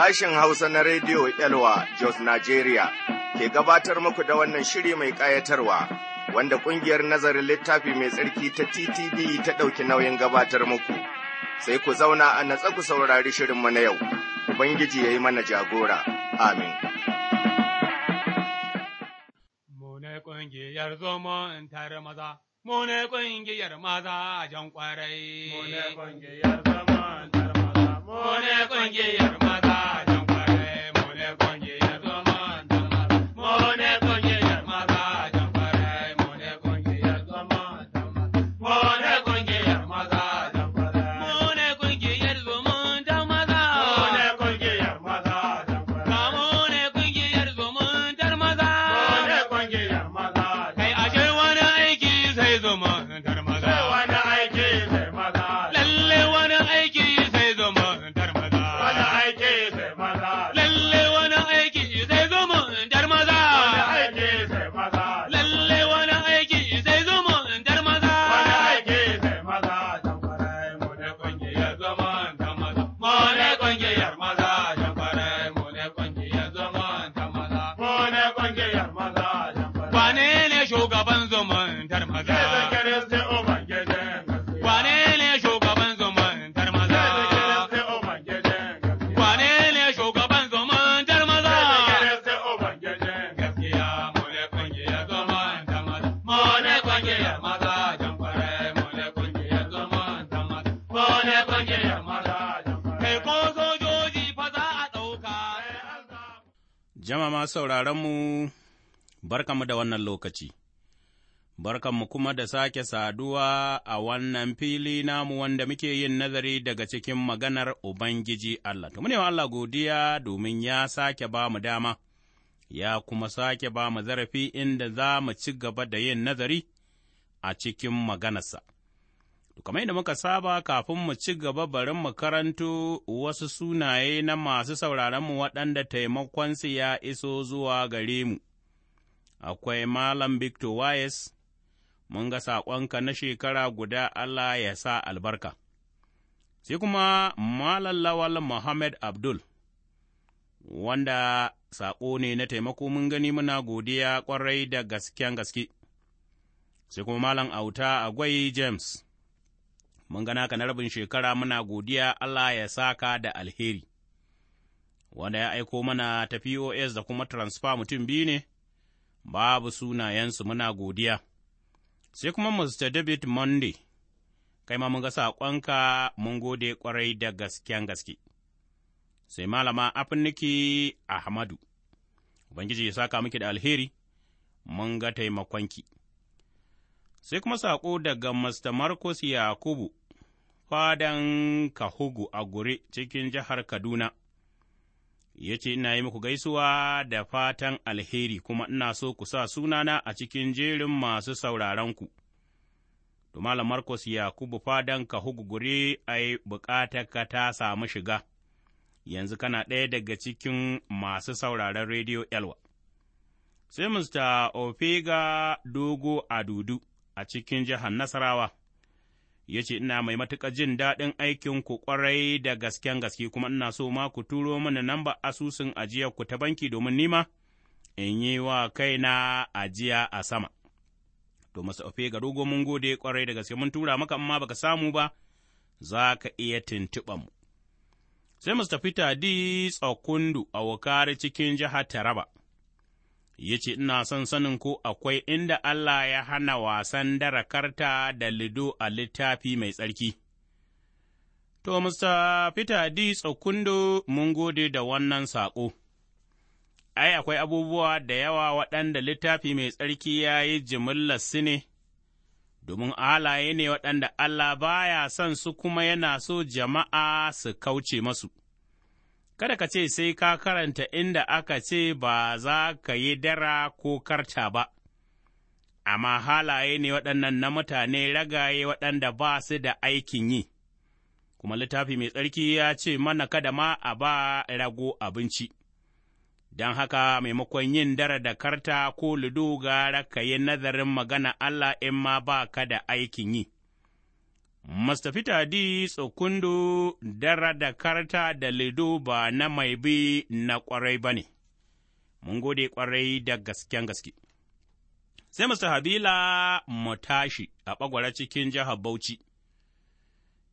Sashen Hausa na Rediyo Elwa Jos Nigeria ke gabatar muku da wannan shiri mai ƙayatarwa wanda ƙungiyar nazarin littafi mai tsarki ta TTV ta ɗauki nauyin gabatar muku. Sai ku zauna a natsa ku saurari shirinmu na yau, Ubangiji ya yi mana jagora. Amin. Mune ƙungiyar zomo in tare maza, mune ƙungiyar maza a jan ƙwarai. Mune ƙungiyar zomo in tare maza, mune ƙungiyar Jama'a sauraronmu, barkanmu da wannan lokaci, barkanmu kuma da sake saduwa a wannan fili namu wanda muke yin nazari daga cikin maganar Ubangiji Allah. Tumune wa Allah godiya domin ya sake ba mu dama, ya kuma sake ba mu zarafi inda za mu ci gaba da yin nazari a cikin maganarsa. kamar yadda muka saba kafin mu ci gaba barin mu karanto wasu sunaye na masu sauraronmu waɗanda taimakonsu ya iso zuwa gare mu. Akwai Malam Victor Wayes, mun ga saƙonka na shekara guda Allah ya sa albarka. Sai kuma Malam Lawal Muhammad Abdul, wanda saƙo ne na taimako mun gani muna godiya ƙwarai da gasken gaske. Sai kuma Malam Auta Agwai James. mun gana ka na rabin shekara muna godiya Allah ya saka da alheri. Wanda ya aiko mana ta POS da kuma transfer mutum biyu ne, babu sunayensu muna godiya. Sai kuma Mr. David Monday, kai ma mun ga saƙonka mun gode ƙwarai da gasken gaske. Sai malama Afiniki Ahmadu, Ubangiji ya saka miki da alheri, mun ga taimakonki. Sai kuma saƙo daga Mr. Marcus Yakubu, fadan Kahugu a gure cikin jihar Kaduna. Ya ce, Ina yi muku gaisuwa da fatan alheri kuma ina so ku sa sunana a cikin jerin masu sauraronku. To Malam Markus Yakubu fadan Kahugu gure ai ka ta samu shiga, yanzu kana ɗaya daga cikin masu sauraron rediyo Elwa. Sai Mr. Ofega Dogo a dudu a cikin jihar Nasarawa. ya ce, Ina mai matuƙa jin daɗin aikinku ƙwarai da gasken gaske, kuma ina so ma ku turo mana namba asusun ajiyarku ta banki domin nima in yi wa kaina ajiya a sama. To, masa ofe ga dogon mun gode ƙwarai da gaske, mun tura maka amma baka samu ba, za ka iya tuntuɓa mu. Sai Mr. Peter D. Tsakundu a Wukari cikin jihar Taraba. ya ce, Ina son sanin ko akwai inda Allah ya hana wasan darakarta da lido a littafi mai tsarki. To, Mr. Peter D. Tsokundo mun gode da wannan saƙo. Ai, akwai abubuwa da yawa waɗanda littafi mai tsarki ya yi su ne, domin halaye ne waɗanda Allah baya son su kuma yana so jama'a su kauce masu. kada ka ce sai ka karanta inda aka ce ba za ka yi dara ko karta ba, amma halaye ne waɗannan na mutane ragaye waɗanda ba su da aikin yi, kuma littafi mai tsarki ya ce mana kada ma a ba rago abinci. Don haka maimakon yin dara da karta ko ludo gara ka yi nazarin magana Allah in ma ba ka da aikin yi. mastafita di tsokundu dara da karta da lido ba na mai bi na ƙwarai ba ne, mun gode kwarai da gasken gaske. Sai Mr. Habila mu tashi a ɓagwara cikin jihar Bauchi,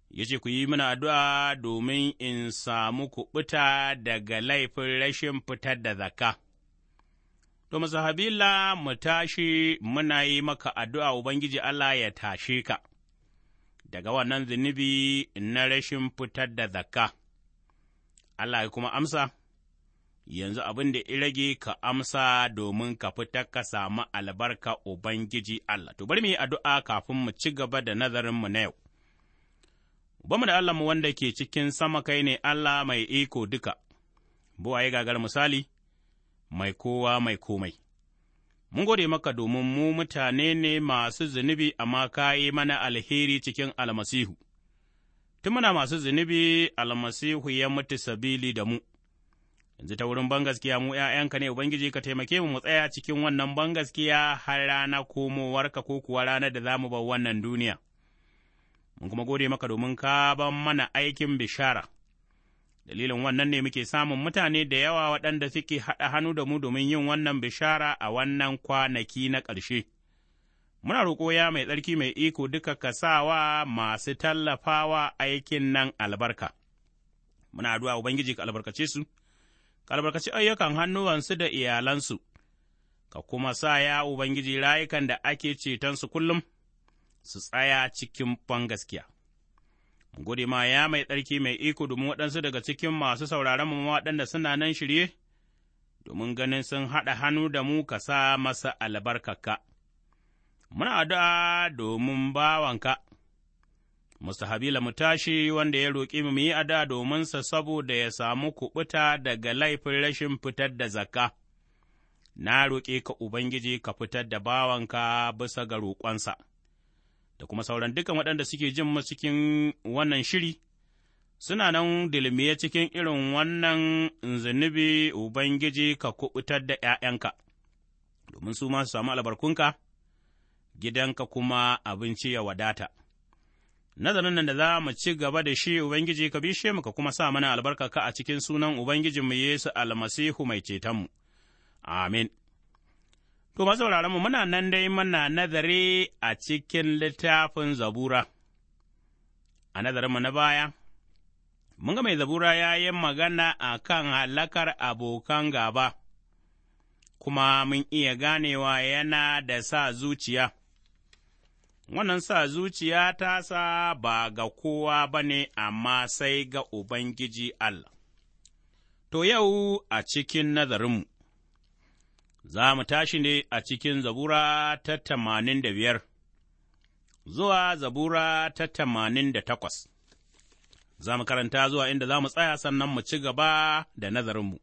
ya ce ku yi mana addu'a domin in samu kuɓuta daga laifin rashin fitar da zakka. To, Mr. Habila mu tashi muna yi maka addu'a Ubangiji Allah ya tashe ka. daga wannan zunubi na rashin fitar da zakka. Allah ya kuma amsa, yanzu abin da irage ka amsa domin ka fitar ka samu albarka Ubangiji Allah. To bari mu yi addu'a kafin mu ci gaba da nazarinmu na yau. Bamu da Allah mu wanda ke cikin sama kai ne Allah mai iko duka, buwaye gagar misali, mai kowa mai komai. Mun gode maka domin mu mutane ne masu zunubi amma ka yi mana alheri cikin almasihu. Tun muna masu zunubi almasihu ya mutu sabili da mu. Yanzu ta wurin bangaskiya mu ’ya'yanka ne Ubangiji ka taimake mu tsaya cikin wannan bangaskiya har rana komowarka ko kuwa ranar da za mu bar wannan duniya. Mun kuma gode maka domin ka ban mana aikin bishara. Dalilin wannan ne muke samun mutane da yawa waɗanda suke haɗa hannu da mu domin yin wannan bishara a wannan kwanaki na ƙarshe. Muna roƙo ya mai tsarki mai iko duka ka sawa masu tallafawa aikin nan albarka. Muna addu'a Ubangiji ka albarkace su, ka albarkaci ayyukan hannuwansu da iyalansu, ka kuma sa ya Ubangiji rayukan da ake cetonsu kullum su tsaya cikin ban gaskiya. gode ma ya mai tsarki mai iko domin waɗansu daga cikin masu sauraron mu waɗanda suna nan shirye, domin ganin sun haɗa hannu da mu ka sa masa albarkaka. Muna addu'a domin bawanka, Musta Habila mu tashi wanda ya roƙi mu yi addu'a sa saboda ya samu kuɓuta daga laifin rashin fitar da zakka. Na roƙe ka Ubangiji ka fitar da bawanka bisa ga roƙonsa. da kuma sauran dukan waɗanda suke jin mu cikin wannan shiri, suna nan dilmiye cikin irin wannan zunubi Ubangiji ka kubutar da ’ya'yanka, domin su ma su samu albarkunka, gidanka kuma abinci ya wadata. Nazarin nan da za mu ci gaba da shi Ubangiji ka bishe mu ka kuma sa mana albarkaka a cikin sunan Ubangijinmu Yesu almasihu mai cetonmu. Amin. To, mu muna nan dai muna nazari a cikin littafin zabura, a nazarinmu na baya, mun ga mai zabura ya yi magana a kan halakar abokan gaba, kuma mun iya ganewa yana da sa zuciya. Wannan sa zuciya ta sa ba ga kowa ba ne, amma sai ga Ubangiji Allah. To, yau a cikin nazarinmu. za mu tashi ne a cikin zabura ta tamanin da biyar zuwa zabura ta tamanin da takwas. Za mu karanta zuwa inda za mu tsaya sannan mu ci gaba da nazarinmu.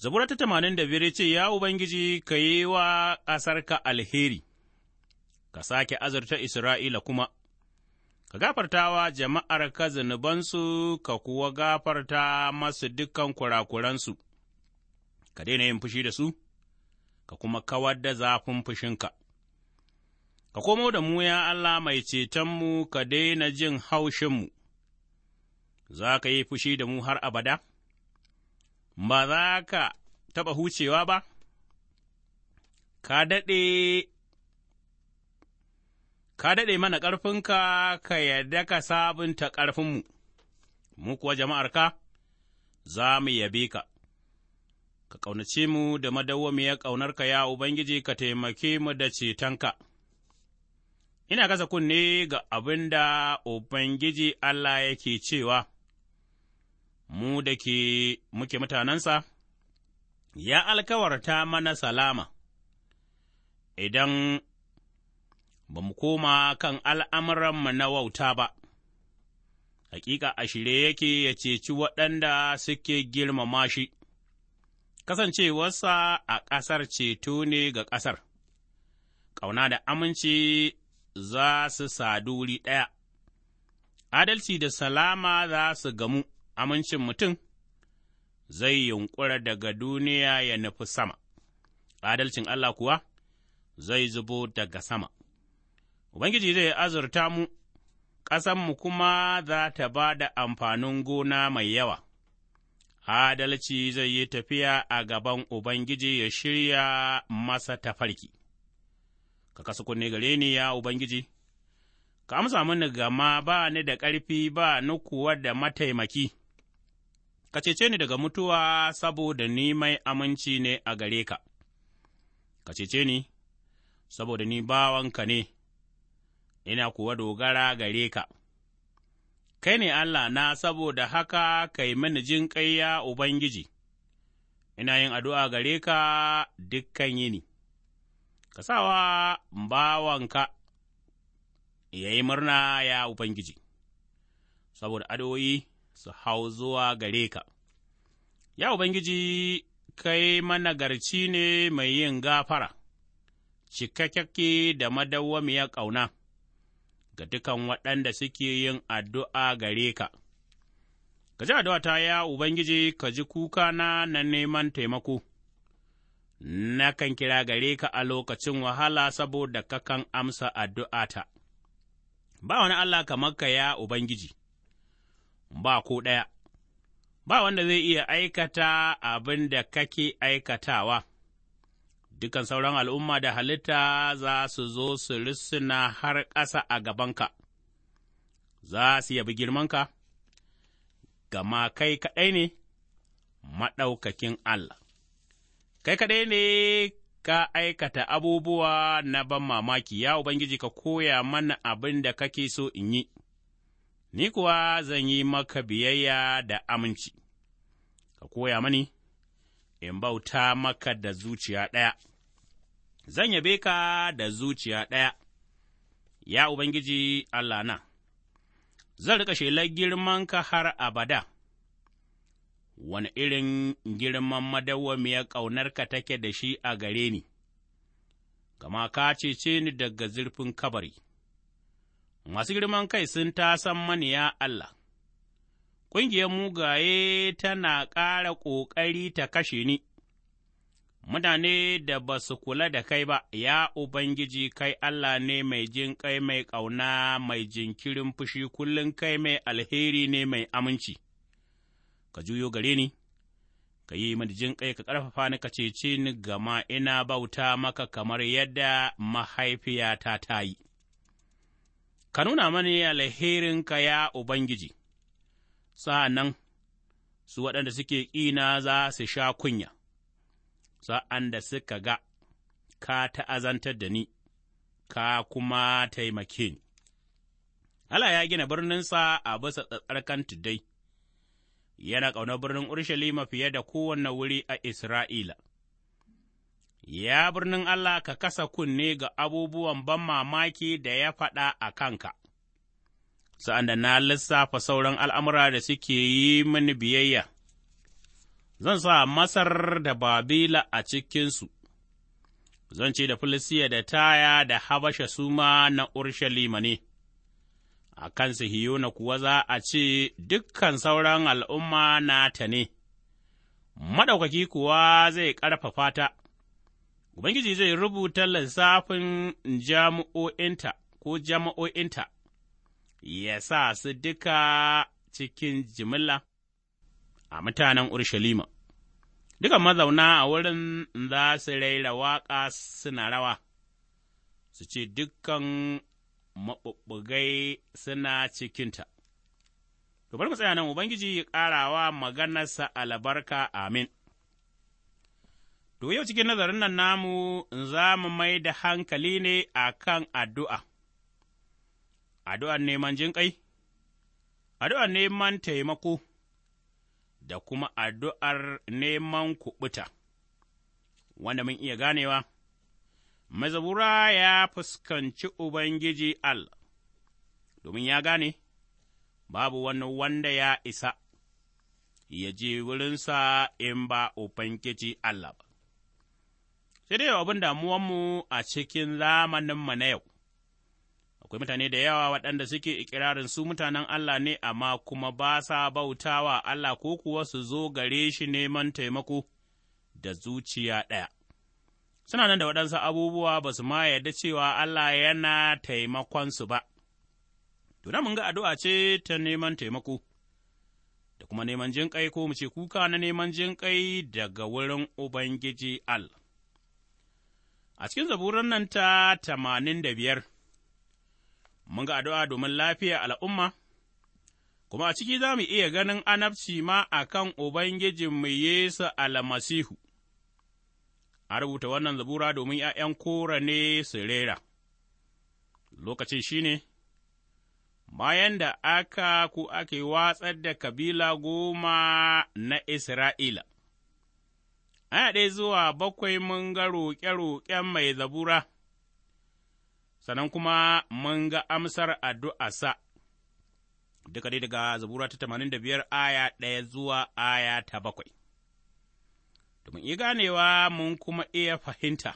Zabura ta tamanin da biyar ce, Ya Ubangiji, ka yi wa ƙasarka alheri, ka sake azurta Isra'ila kuma, ka gafarta wa jama'ar ka zunubansu, ka kuwa gafarta masu dukan kurakuransu. ka daina yin fushi da su, ka kuma kawar da zafin fushinka. Ka komo da mu, ya Allah mai cetonmu, ka daina jin haushinmu, za ka yi fushi da mu har abada, ba za ka taɓa hucewa ba, ka daɗe ka daɗe mana ƙarfinka ka yarda ka sabunta ƙarfinmu, mu kuwa jama'arka za mu yabe ka, ka ƙaunace mu da madawwamiyar ƙaunarka ya Ubangiji ka taimake mu da cetonka. Ina kasa kunne ga abin da Ubangiji Allah yake cewa, Mu da ke muke mutanensa, ya alkawarta mana salama, idan ba mu koma kan al'amuranmu na wauta ba, hakika a shirye yake ya ceci waɗanda suke girmama shi. kasancewarsa a ƙasar ceto ne ga ƙasar, ƙauna da aminci za su sadu wuri ɗaya, adalci da salama za su gamu, amincin mutum zai yunƙura daga duniya ya nufi sama, adalcin Allah kuwa zai zubo daga sama. Ubangiji zai azurta mu, ƙasanmu kuma za ta ba da amfanin gona mai yawa. adalci zai yi tafiya a gaban Ubangiji ya shirya masa tafarki. Ka kasa kunne gare ni, ya Ubangiji, ka amsa mini gama ba ni da ƙarfi ba ni kuwa da mataimaki, ka cece ni daga mutuwa saboda ni mai aminci ne a gare ka, ka cece ni saboda ni bawanka ne, ina kuwa dogara gare ka. kai ne Allah na saboda haka kai mini jin ya Ubangiji, ina yin addu'a gare ka dukkan yini, ka sawa bawanka ya yi murna ya Ubangiji, saboda addu'o'i su hau zuwa gare ka. Ya Ubangiji, kai mana garci ne mai yin gafara, cikakke da madawwamiyar ƙauna. ga dukan waɗanda suke yin addu'a gare ka. Ka ji ta ya Ubangiji ka ji kukana na neman taimako, Na kan kira gare ka a lokacin wahala saboda kakan amsa addu'a ta Ba wani Allah kamar ka ya Ubangiji, ba ko ɗaya, ba wanda zai iya aikata abin da kake aikatawa. dukan sauran al'umma da halitta za su zo su rissuna har ƙasa a gabanka, za su yabi girmanka, gama kai kaɗai ne maɗaukakin Allah, kai kaɗai ne ka aikata abubuwa na ban mamaki, ya Ubangiji ka koya mana abin da kake so in yi, ni kuwa zan yi maka biyayya da aminci, ka koya mani. in bauta maka da zuciya ɗaya, zan yabe ka da zuciya ɗaya, ya Ubangiji Allah na, zan riƙa shelar girmanka har abada, wani irin girman madawwamiyar ƙaunarka take da shi a gare ni, gama ka cece ni daga zurfin kabari. Masu girman kai sun ta mani ya Allah. ƙungiyar mugaye tana ƙara ƙoƙari ta kashe ni, mutane da ba su kula da kai ba, ya Ubangiji kai Allah ne mai jin kai mai ƙauna mai jinkirin fushi kullum kai mai alheri ne mai aminci, ka juyo gare ni, ka yi mini jin kai ka ƙarfafa ni ka cece ni gama ina bauta maka kamar yadda mahaifiyata ta yi. Ka nuna mani alherinka ya Ubangiji. sa'an nan su waɗanda suke ƙina za su sha kunya, sa'an da suka ga ka ta'azantar da ni, ka kuma taimake ni. Allah ya gina birninsa a bisa tsattsarkan tuddai, yana ƙaunar birnin Urushalima fiye da kowane wuri a Isra'ila. Ya birnin Allah ka kasa kunne ga abubuwan ban mamaki da ya faɗa a kanka. sa'an da na lissafa sauran al'amura da suke yi mini biyayya, zan sa Masar da Babila a cikinsu, zan ce da Filistiya da Taya da Habasha su ma na Urshalima ne, a kan Sihiyona kuwa za a ce dukkan sauran al'umma nata ne, maɗaukaki kuwa zai ƙarfafa ta, Ubangiji zai rubuta lissafin jami'o'inta ko jama'o'inta. ya sa su duka cikin jimilla a mutanen Urshalima. Dukan mazauna a wurin za su raira waƙa suna rawa, su ce dukan maɓuɓɓugai suna cikinta. To bari mu nan Ubangiji ya ƙarawa maganarsa albarka amin. To yau cikin nazarin nan namu za mu mai da hankali ne a kan addu'a. addu'an neman jinƙai, addu’an neman taimako, da kuma addu'ar neman kuɓuta, wanda mun iya ganewa, mazabura ya fuskanci Ubangiji Allah, domin ya gane, babu wani wanda ya isa, ya je wurinsa in ba Ubangiji Allah ba. Sai dai abin damuwanmu a cikin zamaninmu na yau. akwai mutane da yawa waɗanda suke ikirarin su mutanen Allah ne amma kuma ba sa bautawa Allah ko kuwa su zo gare shi neman taimako da zuciya ɗaya. Suna nan da waɗansu abubuwa ba su ma yarda cewa Allah yana taimakonsu ba. Tuna mun ga addu'a ce ta neman taimako, da kuma neman jin ƙai ko mu ce kuka na neman jin ƙai daga wurin Ubangiji Al. A cikin zaburan nan ta tamanin da biyar. mun ga addu'a domin lafiya al'umma, kuma a ciki za mu iya ganin anabci ma a kan Ubangijinmu Yesu almasihu. A rubuta wannan zabura domin ’ya'yan kora ne su rera, lokacin shi ne, bayan da aka ku ake watsar da kabila goma na Isra'ila. Ana ɗaya zuwa bakwai mun ga roƙe-roƙen mai zabura. sannan kuma mun ga amsar addu'arsa, duka dai daga Zabura ta tamanin da biyar aya ɗaya zuwa aya ta bakwai. Domin iya ganewa mun kuma iya fahimta,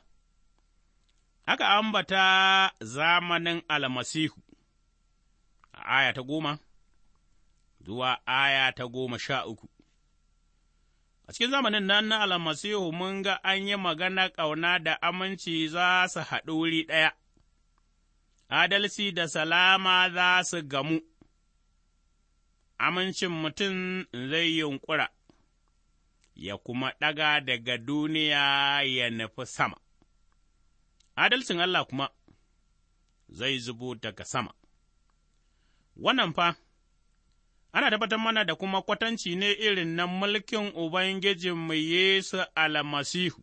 aka ambata zamanin almasihu a aya ta goma zuwa aya ta goma sha uku. A cikin zamanin nan na almasihu mun ga an yi magana ƙauna da aminci za su haɗu wuri ɗaya. adalci da salama za su gamu, amincin mutum zai yunƙura, ya kuma ɗaga daga duniya ya nufi sama, adalcin Allah kuma zai zubo daga sama. Wannan fa, ana tabbatar mana da kuma kwatanci ne irin na mulkin Ubangijinmu Yesu almasihu,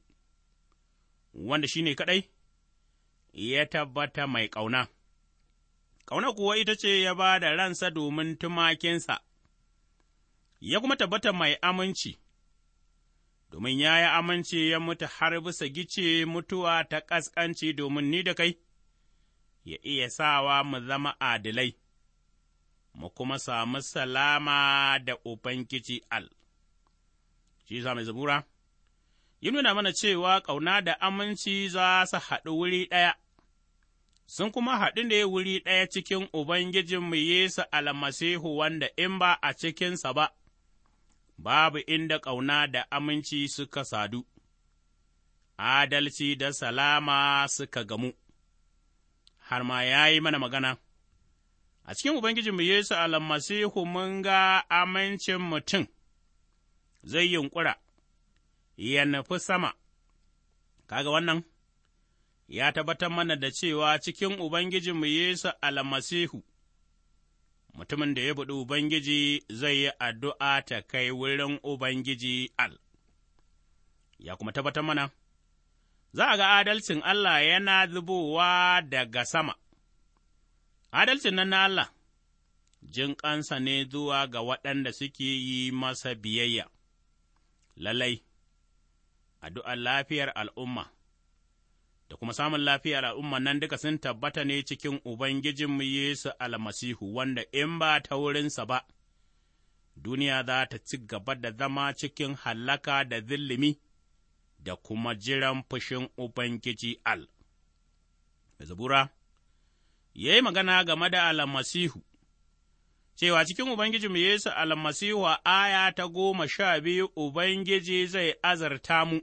wanda shi ne kaɗai, ya tabbata mai ƙauna. ƙauna kuwa ita ce ya ba da ransa domin tumakinsa, ya kuma tabbata mai aminci, domin ya yi aminci ya mutu har bisa gice mutuwa ta ƙasƙanci domin ni da kai, ya iya sawa mu zama adilai, mu kuma samu salama da Ubangiji Al. Shi mai zabura, yi nuna mana cewa ƙauna da aminci za su haɗu wuri ɗaya. sun kuma haɗu ne wuri ɗaya cikin Ubangijinmu Yesu almasihu wanda in ba a cikinsa ba, babu inda ƙauna da aminci suka sadu, adalci da salama suka gamu, har ma ya yi mana magana. A cikin Ubangijinmu Yesu almasihu mun ga amincin mutum zai yunƙura, ya nufi sama, kaga wannan? ya tabbatar mana da cewa cikin Ubangijinmu Yesu almasihu, mutumin da ya buɗi Ubangiji zai yi addu'a ta kai wurin Ubangiji al. Ya kuma tabbatar mana, za a ga adalcin Allah yana zubowa daga sama, adalcin nan na Allah, jin ƙansa ne zuwa ga waɗanda suke yi masa biyayya, lalai, addu'ar lafiyar al'umma. da kuma samun lafiya umman nan duka sun tabbata ne cikin Ubangijinmu Yesu almasihu wanda in ba ta wurinsa ba, duniya za ta ci gaba da zama cikin hallaka da zillimi da kuma jiran fushin Ubangiji Al. Zabura ya yi magana game da almasihu. cewa cikin Ubangijinmu Yesu almasihu a aya ta goma sha biyu Ubangiji zai azarta mu.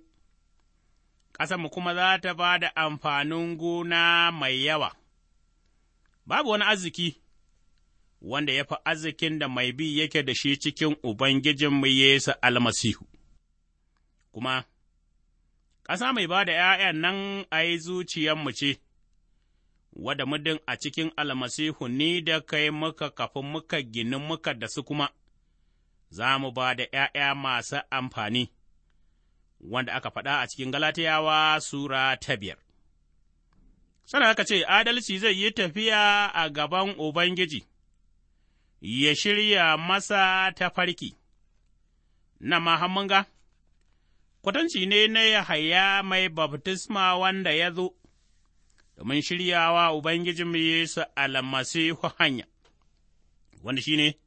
Ƙasarmu kuma za ta ba da amfanin gona mai yawa. Babu wani arziki wanda ya fi arzikin da mai bi yake da shi cikin Ubangijinmu Yesu almasihu, kuma ƙasa mai ba da ’ya'yan nan a yi zuciyanmu ce, wadda muddin a cikin almasihu ni da kai muka kafin muka ginin muka da su kuma, za mu ba da ’ya'ya masu amfani. wanda aka faɗa a cikin Galatiyawa Sura ta biyar. Sana aka ce, Adalci zai yi tafiya a gaban Ubangiji, ya shirya masa ta farki, na mahammanga, kwatanci ne na Yahaya mai baftisma wanda ya zo, domin shiryawa Ubangijinmu Yesu almasihu hanya, wanda shi ne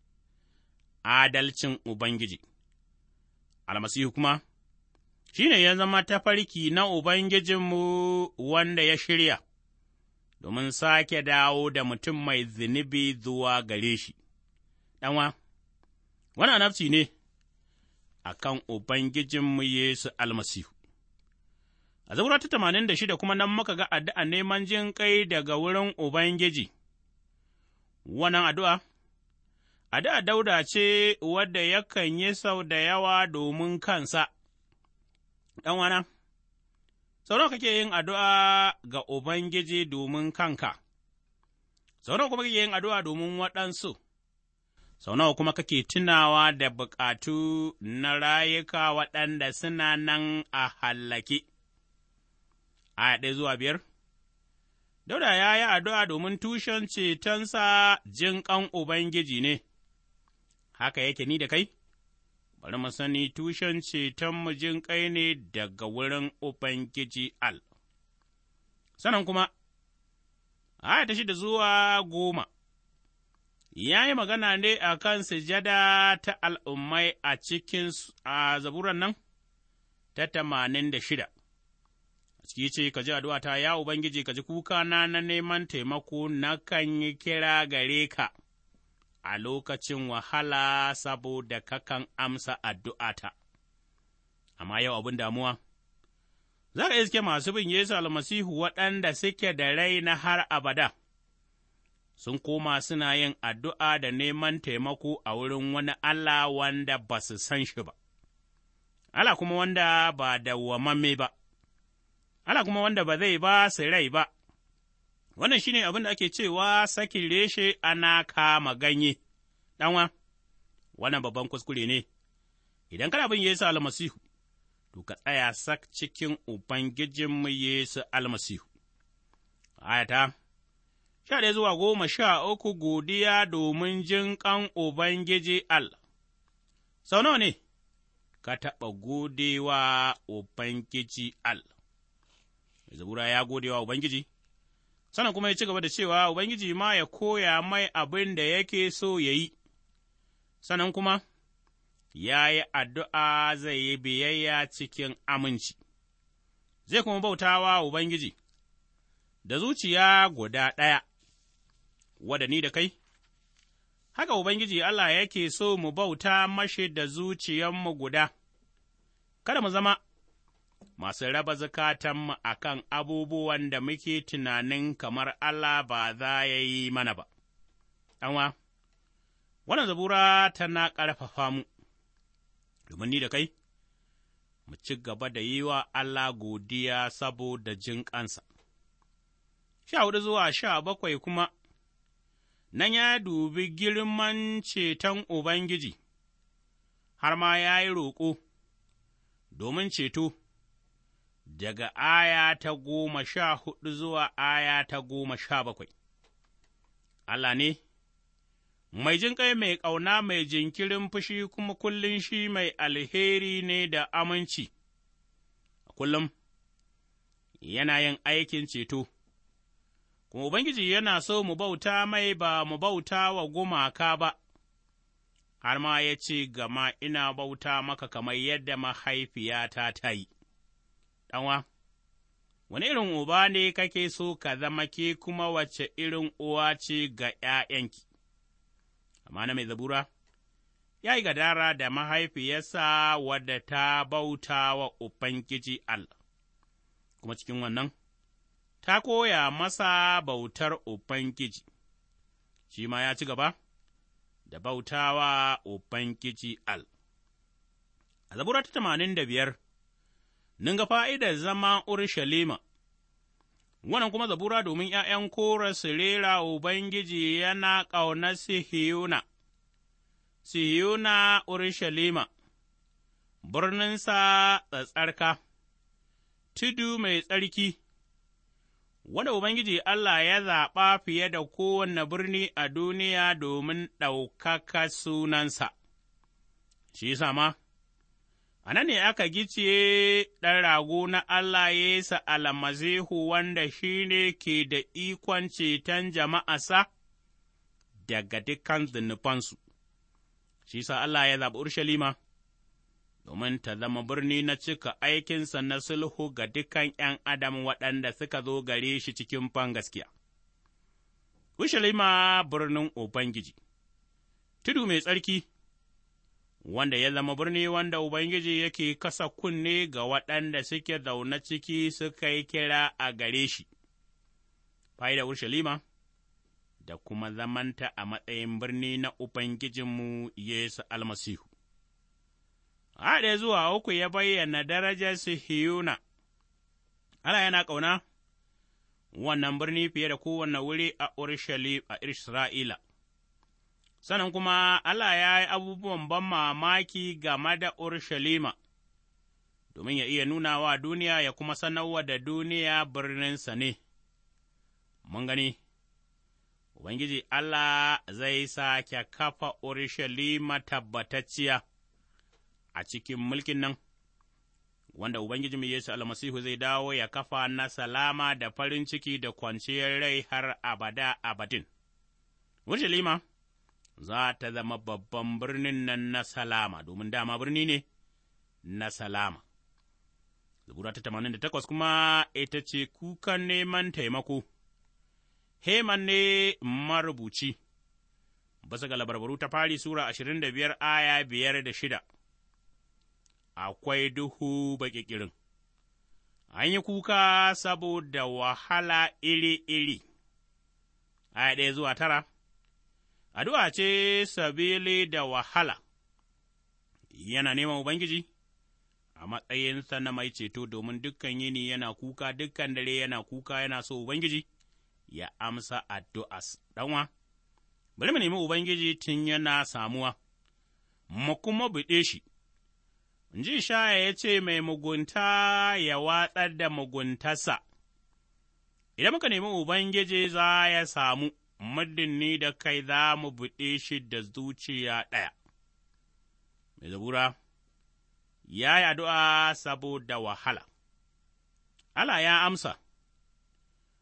adalcin Ubangiji, almasihu kuma. shi ne ya zama tafarki na Ubangijinmu wanda ya shirya, domin sake dawo da mutum mai zunubi zuwa gare shi. Ɗanwa, wani anabci ne a kan Ubangijinmu Yesu almasihu. A zaura ta tamanin da shida kuma nan muka ga addu'a neman jin kai daga wurin Ubangiji, wannan addu'a, addu'a dauda ce wadda yakan yi sau da yawa domin kansa. ɗanwana, sau kake yin addu'a ga Ubangiji domin kanka, sauran kuma kake yin addu'a domin waɗansu, sau nawa kuma kake tunawa da bukatu na rayuka waɗanda suna nan a hallaki. Aya ɗaya zuwa biyar Dauda ya yi addu'a domin tushen cetonsa jinƙan Ubangiji ne, haka yake ni da kai? bari mu sani tushen cetonmu jin ƙai ne daga wurin Ubangiji Al. Sanan kuma, aya ta shida zuwa goma, ya yi magana ne a kan sujada ta al'ummai a cikin a zaburan nan ta tamanin da shida. Ciki ce, Ka ji addu'ata, ya Ubangiji, ka ji kuka na na neman taimako, na kan yi kira gare ka. a lokacin wahala saboda kakan amsa addu'ata. Amma yau abin damuwa, za ka iske masu bin Yesu almasihu waɗanda suke da rai na har abada, sun koma suna yin addu'a da neman taimako a wurin wani Allah wanda ba su san shi ba, Allah kuma wanda ba da dawwamamme ba, Allah kuma wanda ba zai ba su rai ba, Wannan shi ne abin da ake cewa sakin reshe ana kama ganye, ɗanwa, wannan babban kuskure ne, idan kana bin Yesu almasihu, to ka tsaya sak cikin Ubangijinmu Yesu almasihu. Ayata, sha ɗaya zuwa goma sha uku godiya domin jin ƙan Ubangiji Allah. Sau nawa ne, ka taɓa godewa Ubangiji Allah. Zabura ya godewa Ubangiji. Sannan kuma ya ci gaba da cewa Ubangiji ma ya koya mai abin da yake so ya yi, sannan kuma ya yi addu'a zai yi biyayya cikin aminci, zai kuma bautawa Ubangiji da zuciya guda ɗaya, wada ni da kai. Haka Ubangiji Allah yake so mu bauta mashi da zuciyanmu guda, kada mu zama masu raba zukatanmu a kan abubuwan da muke tunanin kamar Allah ba za ya yi mana ba. Ɗanwa, wannan zabura tana ƙarfafa mu, domin ni da kai, mu ci gaba da yi wa Allah godiya saboda jin ƙansa. Sha hudu zuwa sha bakwai kuma, nan ya dubi girman ceton Ubangiji, har ma ya yi roƙo domin ceto. daga aya ta goma sha hudu zuwa aya ta goma sha bakwai. Allah ne, mai jinƙai mai ƙauna mai jinkirin fushi kuma kullum shi mai alheri ne da aminci, kullum yana yin aikin ceto, kuma Ubangiji yana so mu bauta mai ba mu bauta wa gumaka ba. har ma ya ce, Gama ina bauta maka kamar yadda mahaifiyata ta yi. ɗanwa, wani irin uba ne kake so ka zama ke kuma wace irin uwa ce ga ’ya'yanki, amma na mai zabura, ya yi gadara da mahaifiyarsa wadda ta bauta wa Ubangiji Allah, kuma cikin wannan, ta koya masa bautar Ubangiji, shi ma ya ci gaba da bautawa Ubangiji Allah. A zabura ta tamanin da biyar. ninga fa'idar zama Urushalima, wannan kuma zabura domin ’ya'yan kora su rera Ubangiji yana ƙauna Sihiyuna, Sihiyuna Urushalima, birninsa tsatsarka, tudu mai tsarki, wanda Ubangiji Allah ya zaɓa fiye da kowane birni a duniya domin ɗaukaka sunansa. Shi sama. A nan ne aka gice ɗan rago na Allah Yesu almazihu wanda shi ne ke da ikon ceton jama'asa daga dukkan zunufansu, shi sa Allah ya zaɓi Urshalima, domin ta zama birni na cika aikinsa na sulhu ga dukkan ’yan adam waɗanda suka zo gare shi cikin fan gaskiya. Urshalima birnin Ubangiji, tudu mai tsarki. wanda ya zama birni wanda Ubangiji yake kasa kunne ga waɗanda suke zaune ciki suka yi kira a gare shi, fa'ida Urshalima da kuma zamanta a matsayin birni na Ubangijinmu Yesu Almasihu. Haɗe zuwa uku ya bayyana darajar Sihiyuna, Allah yana ƙauna wannan birni fiye da kowane wuri a Urshalima. a Isra'ila. sannan kuma Allah ya yi abubuwan ban mamaki game da Urushalima, domin ya iya nuna wa duniya ya kuma sanarwa da duniya birninsa ne. Mun gani, Ubangiji Allah zai sake kafa Urushalima tabbatacciya a cikin mulkin nan, wanda Ubangiji mai Yesu almasihu zai dawo ya kafa na salama da farin ciki da kwanciyar rai har abada abadin. Urushalima. za ta zama babban birnin nan na salama, domin dama birni ne na salama. Zabura ta tamanin da takwas kuma ita ce kukan neman taimako, Heman ne marubuci, Basa ga labarbaru ta fari Sura ashirin da biyar aya biyar da shida, akwai duhu baƙiƙirin. An yi kuka saboda wahala iri-iri, aya ɗaya zuwa tara. addu'a ce sabili da wahala, yana neman Ubangiji, a matsayinsa na mai ceto domin dukkan yini yana kuka, dukkan dare yana kuka yana so Ubangiji, ya amsa addu'a ɗanwa, bari mu nemi Ubangiji tun yana samuwa, mu kuma buɗe shi. Ji shaya ya ce mai mugunta ya watsar da muguntarsa, idan muka nemi Ubangiji za ya samu. muddin ni da kai za mu buɗe shi da zuciya ɗaya. Mai zabura, ya yi addu'a saboda wahala. Allah ya amsa,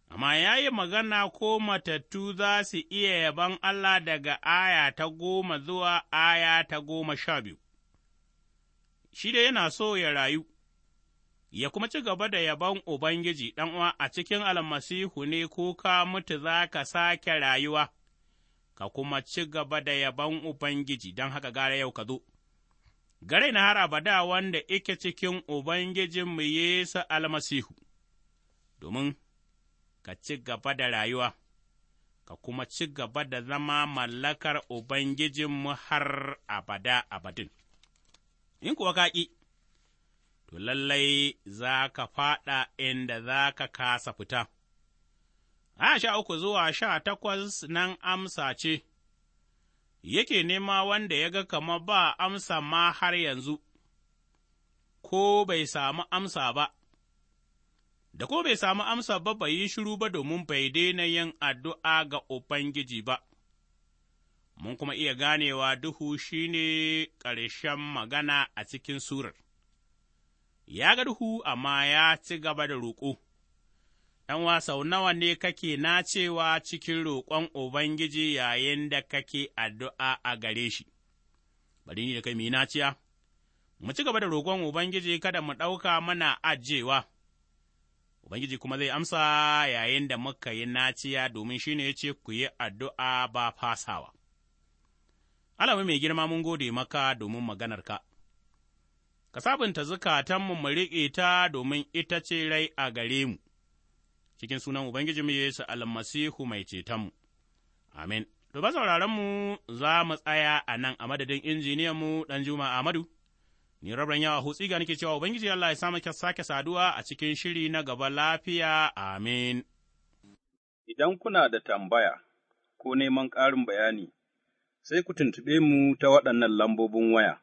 amma ya yi magana ko matattu za su iya yaban Allah daga aya ta goma zuwa aya ta goma sha biyu. Shi da yana so ya rayu, ya kuma ci gaba da yabon Ubangiji uwa a cikin almasihu ne ko ka mutu za ka sake rayuwa, ka kuma ci gaba da yabon Ubangiji don haka gara yau ka zo. Gare na har abada wanda ike cikin Ubangijinmu Yesu almasihu, domin ka ci gaba da rayuwa, ka kuma ci gaba da zama mallakar Ubangijinmu har abada abadin. In kuwa ka ƙi. to lallai za ka faɗa inda za ka kasa fita. A sha uku zuwa sha takwas nan amsa ce, yake nema wanda ya ga kama ba amsa ma har yanzu, ko bai samu amsa ba, da ko bai samu amsa ba bai yi shiru ba domin bai daina yin addu'a ga Ubangiji ba. Mun kuma iya ganewa duhu shi ne ƙarshen magana a cikin surar. ya ga duhu amma ya ci gaba da roƙo. Ɗan sau nawa ne kake cewa cikin roƙon Ubangiji yayin da kake addu'a a gare shi, bari ni da kai mu naciya, mu ci gaba da roƙon Ubangiji kada mu ɗauka mana ajewa, Ubangiji kuma zai amsa yayin da muka yi naciya domin shi ne ce ku yi addu'a ba fasawa. Alamu mai girma mun gode maka domin maganarka. ka sabunta zukatanmu mu riƙe ta domin ita ce rai a gare mu, cikin sunan Ubangijinmu Yesu almasihu mai cetonmu. Amin. To, ba mu za mu tsaya a nan a madadin injiniyanmu ɗan Juma Amadu, ni rabin yawa hutsi ga nake cewa Ubangiji Allah ya samu sake saduwa a cikin shiri na gaba lafiya. Amin. Idan kuna da tambaya ko neman ƙarin bayani, sai ku tuntuɓe mu ta waɗannan lambobin waya.